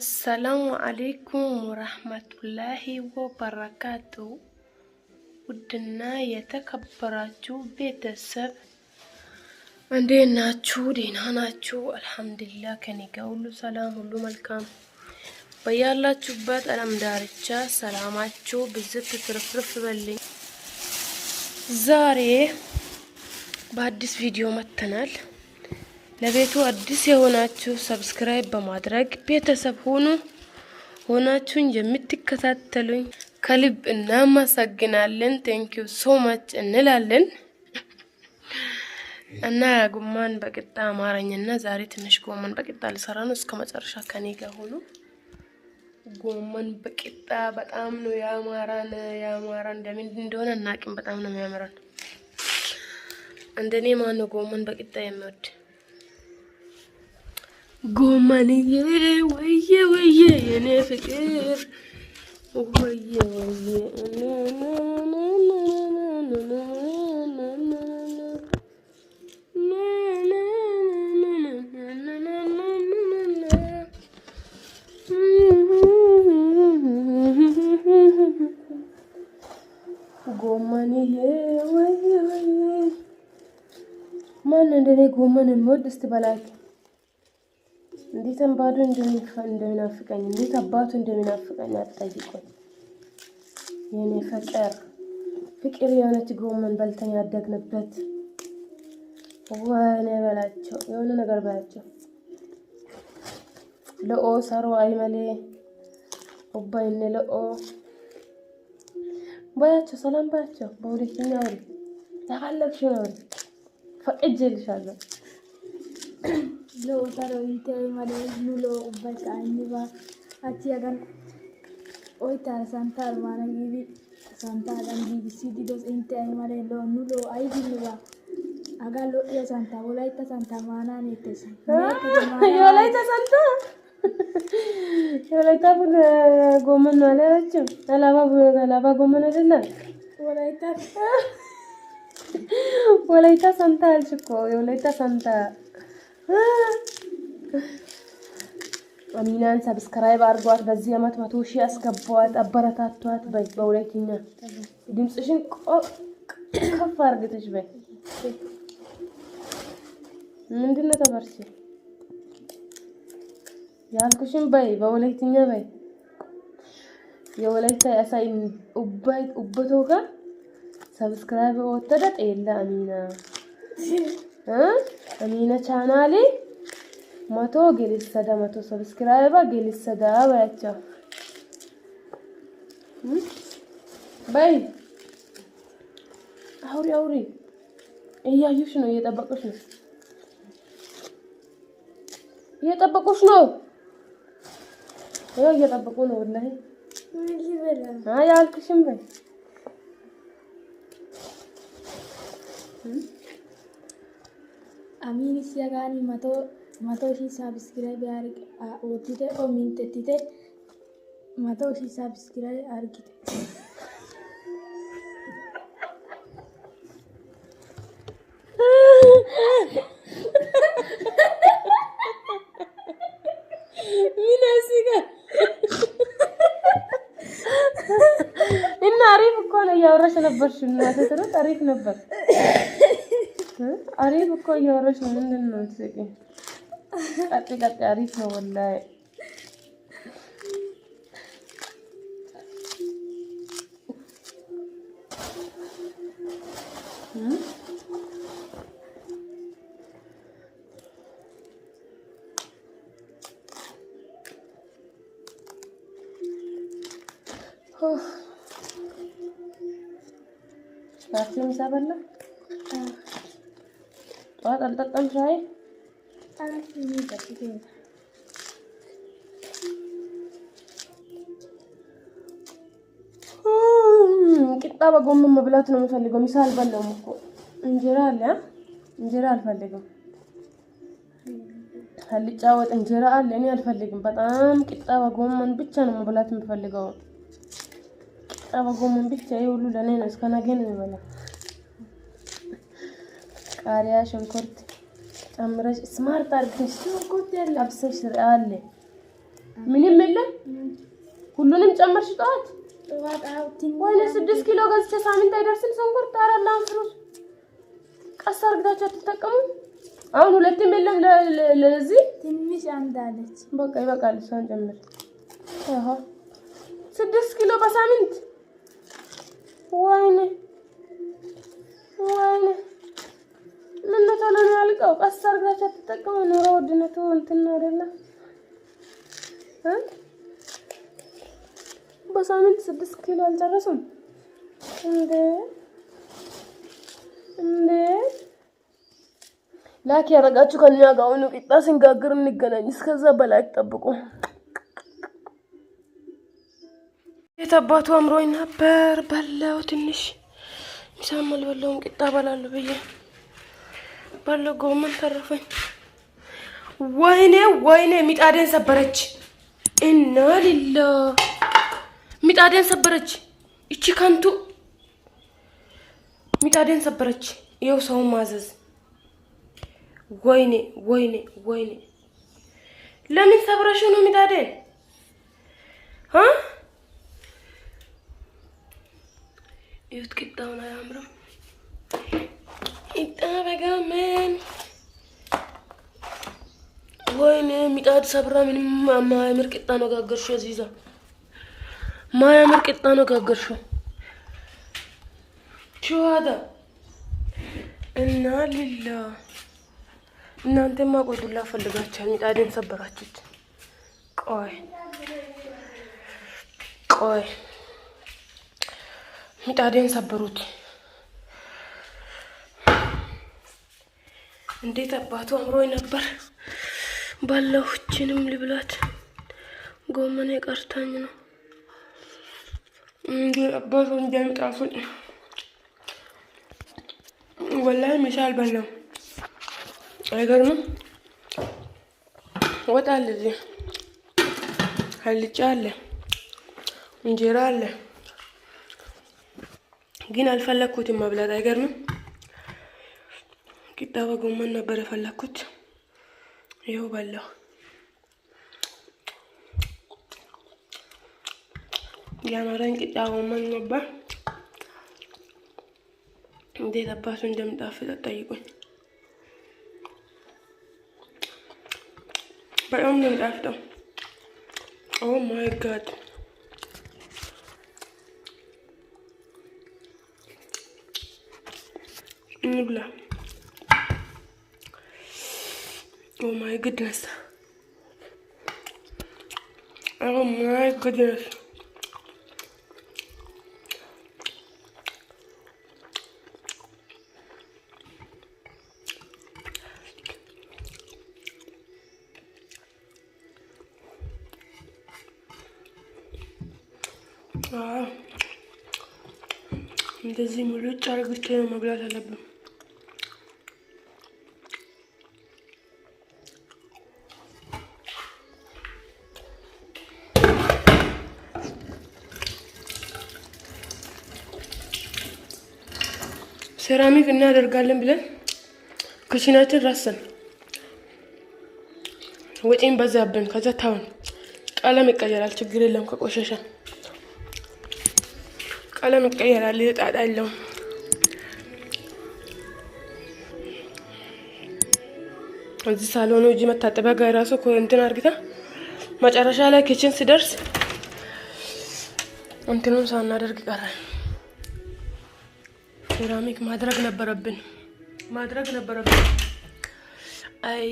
አሰላሙ አሌይኩም ወረህመቱላሂ ወበረካቱ። ውድና የተከበራችሁ ቤተሰብ እንዴት ናችሁ? ደህና ናችሁ? አልሐምዱሊላህ ከኔ ጋር ሁሉ ሰላም፣ ሁሉ መልካም። በያላችሁበት አለም ዳርቻ ሰላማችሁ ብዝት ትርፍርፍ በልኝ። ዛሬ በአዲስ ቪዲዮ መጥተናል። ለቤቱ አዲስ የሆናችሁ ሰብስክራይብ በማድረግ ቤተሰብ ሆኑ። ሆናችሁን የምትከታተሉኝ ከልብ እናመሰግናለን። ቴንክ ዩ ሶ ማች እንላለን እና ጉማን በቅጣ አማረኝና ዛሬ ትንሽ ጎመን በቅጣ ልሰራ ነው። እስከ መጨረሻ ከኔ ጋር ሆኑ። ጎመን በቅጣ በጣም ነው ያማራን ያማራን እንደምን እንደሆነ እናቅም። በጣም ነው የሚያምረን። እንደኔ ማነው ጎመን በቅጣ የሚወድ? ጎመንዬ ወየ ወየ የኔ ፍቅር ወየ ጎመንዬ ወየ ወየ ማን እንደኔ ጎመን የሚወድ እስቲ በላችሁ። እንዴት እንባዶ እንደሚናፍቀኝ እንዴት አባቱ እንደሚናፍቀኝ አትጠይቁኝ። የኔ ፍቅር ፍቅር የሆነች ጎመን በልተን ያደግንበት ወይኔ በላቸው የሆነ ነገር በላቸው ለኦ ሰሮ አይመሌ ኦባይኔ ለኦ በያቸው ሰላም በያቸው በሁለተኛ ወሪ ተፈለግሽ ነው ፈቅጅልሻለሁ luego estará el tema de nulo vaya a niva a chiagan hoy está santa hermana vivi santa dan vivi si di dos en tema de lo nulo hay de lo que santa hola está santa hermana ni te sé hola está santa hola está por la eh, goma no le ha hecho la lava por la lava goma no le da hola está hola está santa el chico hola está santa አሚናን ሰብስክራይብ አድርጓት። በዚህ አመት መቶ ሺህ አስገባዋት፣ አበረታቷት። በይ በሁለተኛ ድምፅሽን ከፍ አድርግተሽ በይ። ምንድን ነው ተመርቼ ያልኩሽን በይ፣ በሁለተኛ በይ። የወላይታ ያሳይ ኡባይ ኡበቶ ጋር ሰብስክራይብ ወተደ ጤላ አሚና amina chaanaali መቶ ጌሊሰዳ መቶ ሰብስክራይባ ጌሊሰዳ በያቸው በይ አውሪ አውሪ። እያዩሽ ነው፣ እየጠበቁሽ ነው፣ እየጠበቁሽ ነው። ይኸው እየጠበቁ ነው። ወላሂ አይ በይ Amiin Isiyagaan mataa isaa Biskiraa hooggite Ominttetite mataa isaa Biskiraa argite. እና አሪፍ እኮ ነው እያወራሽ ነበር። ሽናተትረት አሪፍ ነበር። अरे बको ఎవరో చూడండి మనసుకి అత్తగా తారీఫ్ والله परफ्यूम सा बनना ጠዋት አልጠጣም ሻይ። ቂጣ በጎመን መብላት ነው የምፈልገው። ምሳ አልበላሁም እኮ እንጀራ አለ። እንጀራ አልፈልግም። አልጫ ወጥ እንጀራ አለ። እኔ አልፈልግም። በጣም ቂጣ በጎመን ብቻ ነው መብላት የምፈልገው። ቂጣ በጎመን ብቻ። ይሄ ሁሉ ለእኔ ነው። እስከ ነገ ነው የሚበላው። ቃሪያ፣ ሽንኩርት ጨምረሽ ስማርት አድርገሽ ሽንኩርት ያለ አብሰሽ አለ ምንም የለም። ሁሉንም ጨመርሽ ጠዋት ወይኔ ስድስት ኪሎ ገዝቼ ሳምንት አይደርስም ሽንኩርት። ኧረ ላንፍሩስ ቀስ አድርጋችሁ አትጠቀሙ። አሁን ሁለትም የለም። ለዚህ ትንሽ አንዳለች። በቃ ይበቃል። እሷን ጨምር። አሃ ስድስት ኪሎ በሳምንት ወይኔ ወይኔ ምን ነው ቶሎ ቀስ አድርጋችሁ ተጠቀሙ። ኑሮ ውድነቱ እንትን አይደለም። በሳምንት ስድስት ኪሎ አልጨረሱም እንዴ? እንዴ ላክ ያደረጋችሁ ከኛ ጋር ቂጣ ስንጋግር እንገናኝ። እስከዛ በላይክ ጠብቁ። የት አምሮኝ ነበር በላው። ትንሽ ቂጣ ብዬ ባለው ጎመን ተረፈኝ። ወይኔ ወይኔ፣ ሚጣደን ሰበረች እና ሊላ ሚጣደን ሰበረች። እቺ ከንቱ ሚጣደን ሰበረች። ይኸው ሰውን ማዘዝ። ወይኔ ወይኔ ወይኔ፣ ለምን ሰብረሽው ነው ሚጣደን ይኸውት ቂጣውን አያምርም። ይጠበቀምን ወይኔ ሚጣድ ሰብራ ምንም ማያምር ቅጣ ነው ጋገርሾ። እዚዛ ማያምር ቅጣ ነው ጋገርሾ። ችዋዳ እና ሊላ እናንተማ ቆይ ዱላ ፈልጋችኋል። ሚጣዴን ሰበራችሁት። ቆይ ቆይ ሚጣዴን ሰበሩት። እንዴት አባቱ አምሮ ነበር። ባለሁችንም ልብላት ጎመን የቀርታኝ ነው እንጂ አባቱ እንዳይጣፉኝ ወላሂ ምሳ አልበላም። አይገርምም? ወጥ አለ እዚህ፣ አልጫ አለ፣ እንጀራ አለ። ግን አልፈለግኩትም መብላት። አይገርምም? ቂጣ በጎመን ነበር የፈለኩት። ይኸው በላሁ። ያማረኝ ቂጣ ጎመን ነበር። እንዴት አባቱ እንደሚጣፍጥ ጠይቁኝ። በጣም ነው የሚጣፍጠው። ኦ ማይ ጋድ እንብላ። Oh my goodness. Oh my goodness. እንደዚህ ሙሉ ጫርግቼ ነው መብላት አለብን። ሴራሚክ እናደርጋለን ብለን ክሽናችን ራሰን ወጪን በዛብን። ከዛ ታውን ቀለም ይቀየራል፣ ችግር የለም ከቆሸሸ ቀለም ይቀየራል። ጣጣ የለውም። እዚህ ሳሎኑ እጅ መታጠቢያ ጋር ራሱ እንትን አርግታ መጨረሻ ላይ ኪችን ሲደርስ እንትኑም ሳናደርግ ይቀራል። ሴራሚክ ማድረግ ነበረብን ማድረግ ነበረብን። አይ